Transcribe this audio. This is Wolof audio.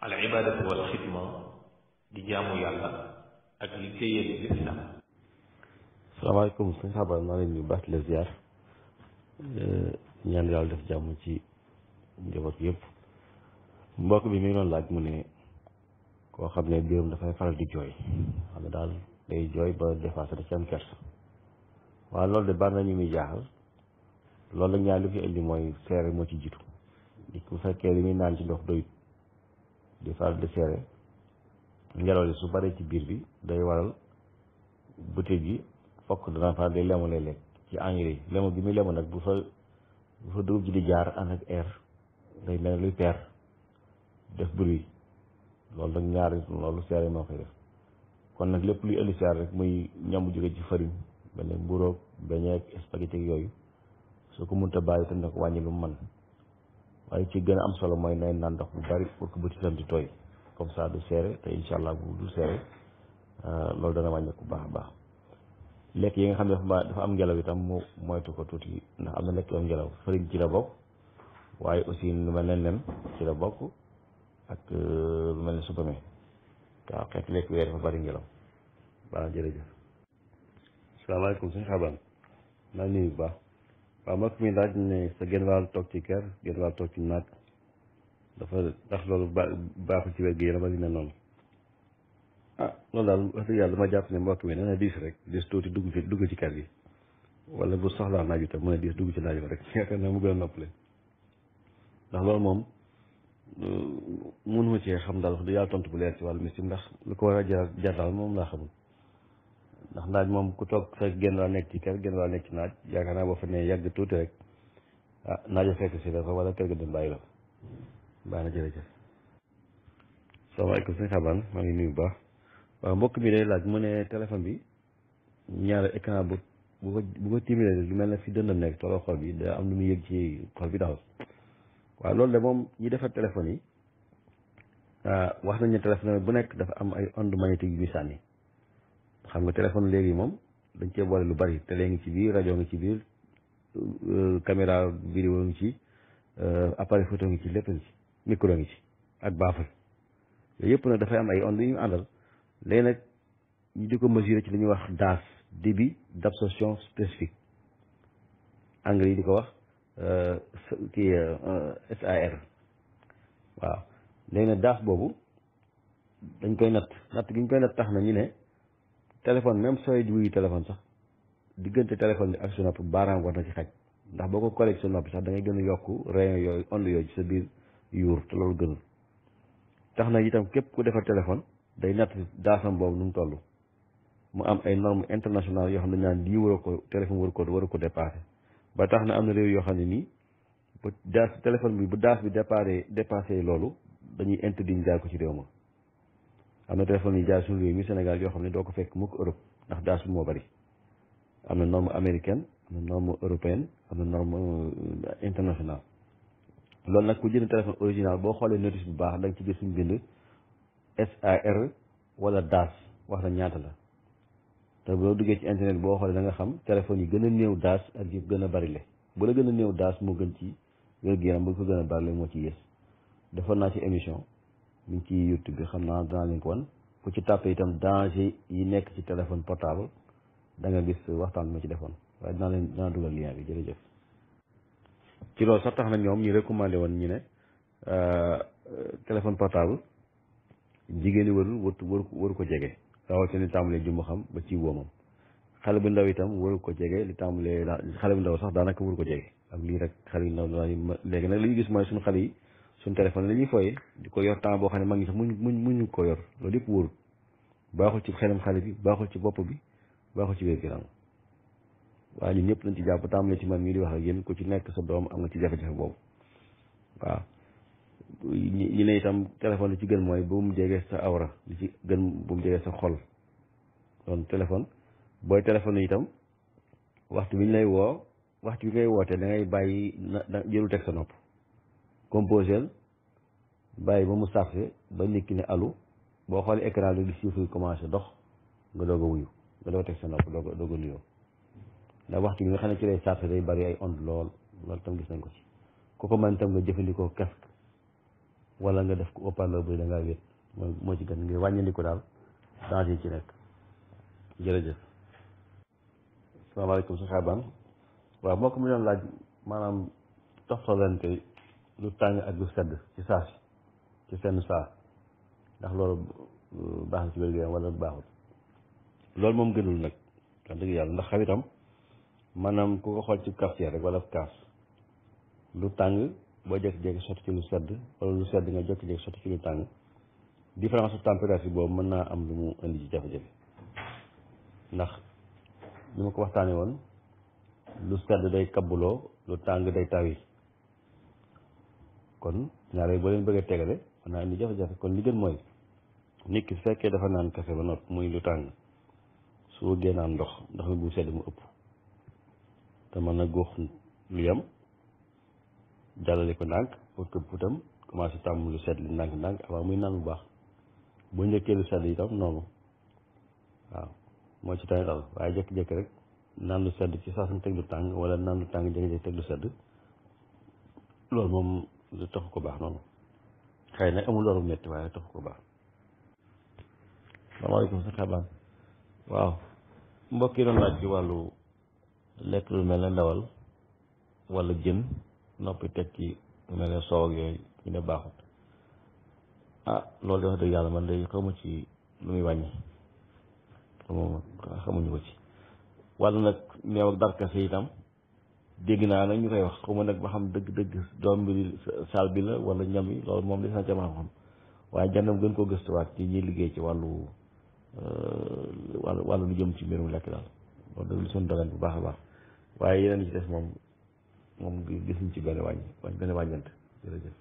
al ibaadatu wal xidma di jaamu yàlla ak li téye li lislaam salaamaaleykum sëñ xabaar maa leen ñu baax di la ziar ñaan yàlla def jàmm ci njaboot yëpp mbokk bi mi ngi doon laaj mu ne koo xam ne biiram dafay faral di jooy xam ne daal day jooy ba dépassé da ci am kersa waaw loolu de bari ñu muy jaaxal loolu la ñaar li fi indi mooy seere moo ci jiitu bu fekkee li muy naan ci ndox doyut di faral di seere ngelaw li su baree ci biir bi day waral butit gi fokk dana faral di lemu léeg-léeg ci engrais yi lemu bi muy lemu nag bu fa bu fa dugub ji di jaar ànd ak air day mel luy peer def bruit loolu nag ñaari loolu seere moo koy def kon nag lépp luy indi seere rek muy ñam jóge ci farine benn mburoog beñeeg spaghetti yooyu soo ko mënta bàyyi tam nag wàññi lu mu mën waaye ci gën a am solo mooy nay naan ndox bu bari pour que bëtitam di tooy comme ça du seere te incha allah bu du seere euh, loolu dana wàññeeku baax a baax lekk yi nga xam ne dafa am ngelaw itam mu moytu ko tuuti ndax am na lekk yoo ngelaw fariñ ci la bokk waaye aussi lu mel ne ci la bokk ak euh, lu mel ne supame waaw xeet lekk yooyu dafa bari ngelaw baax jërëjëf salaamaaleykum suñu xaban maa ngi nuyu bu baax waaw mbokk mi laaj ne sa genn wàll toog ci kër ci naaj dafa ndax loolu baaxul ci wér-gu-yaram ak li ne noonu ah, daal wax dama jàpp ne mbokk mi dana diis rek diis tuuti dugg ci dugg ci kër gi wala bu soxlaa naaj bi tam mën a dugg ci naaj bi rek yaakaar naa mu gën a loolu moom mun cee xam daal wax du tontu bu leer ci wàllu mystique ndax lu ko war a jar jar daal moom laa xamul ndax naaj moom ku toog fekk genn waa nekk ci kër genn waa nekk ci naaj yaakaar naa boo fa nee yàgg tuuti rek ah naajo fekk si la fa wala kër ga dem bàyyi la baax na jërëjëf salaamaaleykum sëñ Xaban maa ngi nuyu bu baax waaw mbokk mi day laaj mu ne téléphone bi ñaari écran bu bu ko bu ko tiimee lu mel ne fi dëndam nekk tolloo xol bi da am lu muy yëg ci xol bi daxal waaw loolu de moom ñi defar téléphone yi ah, wax nañ ne téléphone bu nekk dafa am ay ondes magnétiques xam nga téléphone léegi moom dañ cee boole lu bari télé ngi ci biir rajo ngi ci biir euh, caméra vidéo ngi ci euh, appareil photo ngi ci lépp ngi ci micro ak baafal yooyu yëpp nag dafay am ay ondes yu ñu àndal léegi nag ñu di ko mesurer ci li ñuy wax DAS débit d'absorption spécifique anglais di ko wax euh, kii SAR waaw léegi nag boobu dañ koy natt natt gi ñu koy natt tax na ñu ne téléphone même sooy wuyu téléphone sax diggante téléphone bi ak su nopp baaraam war na ci xaj ndax boo ko collecté sa noppi sax da ngay gën yokk rayon yooyu onde yooyu ci sa biir yuur te loolu gënul tax na itam képp ku defar téléphone day natt daasam boobu nu mu toll mu am ay normes international yoo xam ne naan lii war ko téléphone war ko war ko dépassé ba tax na am na réew yoo xam ne nii bu daas téléphone bi bu daas bi dépassé dépassé loolu dañuy interdit ñu jaay ko ci réew ma am na téléphone yi jaay suñu réew mi Sénégal yoo xam ne doo ko fekk mukk Europe ndax jaay suñu moo bari am na norme américaine am na norme européenne am na norme euh, internationale loolu nag ku jënd téléphone original boo xoolee notice bu baax da ci gis suñu bind SAR wala DAS wax na ñaata la te boo duggee ci internet boo xoolee da xam téléphone yi gën a néew DAS ak yi gën a bari le bu la gën a néew DAS moo gën ci wér-gu-yaram bu ko gën a bari le moo ci defoon naa ci émission mi ngi ci youtube bi xam naa danaa leen ko wan ku ci tàppee itam danger yi nekk ci téléphone portable danga gis waxtaan bi ci defoon waaye dinaa leen dinaa dugal lien bi jërëjëf. ci loolu sax tax na ñoom ñu recommandé woon ñu ne euh, téléphone portable jigéen ñi warul war waru ko jege rawatina li tàmbalee jumba xam ba ci woomam xale bu ndaw itam waru ko jege li tàmbalee xale bu ndaw sax daanaka waru ko jege ak lii rek xale yu ndaw léegi nag li gis mooy suñ téléphone la ñuy fooyee di ko yor temps boo xam ne mag ñi sax muñ mu muñu ko yor loolu yëpp wóorul baaxul ci xelam xale bi baaxul ci bopp bi baaxul ci wér-gu-yaram waaye ñun ñëpp nañ ci jàpp tàmbale ci man mii di wax ak yéen ku ci nekk sa doom am nga ci jafe-jafe boobu waaw ñi li ci gën mooy bu mu jege sa awra li ci gën bu mu jege sa xol doon téléphone booy téléphone itam waxtu bi ñu lay woo waxtu bi ngay wootee da ngay bàyyi na jëlu teg sa nopp composé bàyyi ba mu sarse ba nekki ne alu boo xoolee écran bi gis chiffre yi commencé dox nga doog a wuyu nga doog a teg sa nopp doog a doog a nuyoo ndax waxtu nga xam ci lay sarse day bari ay ondes lool loolu tam gis ko ci ku ko mën tam nga jëfandikoo casque def ko haut-parleur bi da ngaa wét mooy moo ci gën ngir wàññandiku daal danger ci nekk jërëjëf salaamaaleykum lu tàng ak lu sedd ci saa si ci seen saa ndax loolu euh, baax na ci wér wala baaxul loolu moom gënul nag dëgg yàlla ndax xawitam maanaam ku ko xool ci quartier wala kaas lu tàng boo jékki-jékki sotti ci lu sedd wala lu sedd nga jékki-jékki sotti ci lu tàng différence de température boobu mën naa am lu mu indi ci jafe-jafe ndax ni ma ko waxtaanee woon lu sedd day kabbuloo lu tàng day tawi kon ñaar boo leen bëggee tegale mën naa indi jafe-jafe kon li gën mooy nit ki su fekkee dafa naan kase ba noppi muy lu tàng su ndox ndox mi bu mu ëpp mën na góox lu yem jàllale ko ndànk pour que putam lu sedd li ndànk ndànk muy naan bu baax bu njëkkee lu sedd itam noonu waaw moo ci tamit dal waaye rek naan sedd ci saa teg lu tàng wala naan lu tàng sedd moom lu taxu ko baax noonu xëy na amul loolu métti waaye taxu ko baax salaamaaleykum sa ci wàllu lekk lu mel ne ndawal wala jën noppi teg ci lu mel ne soow yooyu ñu ne baaxut ah loolu de wax dëgg yàlla man day xamu ci lu muy wàññi xamuñu ko ci wàllu nag meew ak darkase itam dégg naa nañ ñu koy wax xaw ma nag ba xam dëgg-dëgg doom bi saal bi la wala ñam yi loolu moom des na ca ma xam waaye jàndam gën koo gëstuwaat ci ñiy liggéey ci wàllu euh, wàllu wàllu lu jëm ci mbirum lekk daal loolu dëgg lu suñu bu baax a baax waaye yeneen ci des moom moom gis ñu ci benn wàññi benn wàññant jërëjëf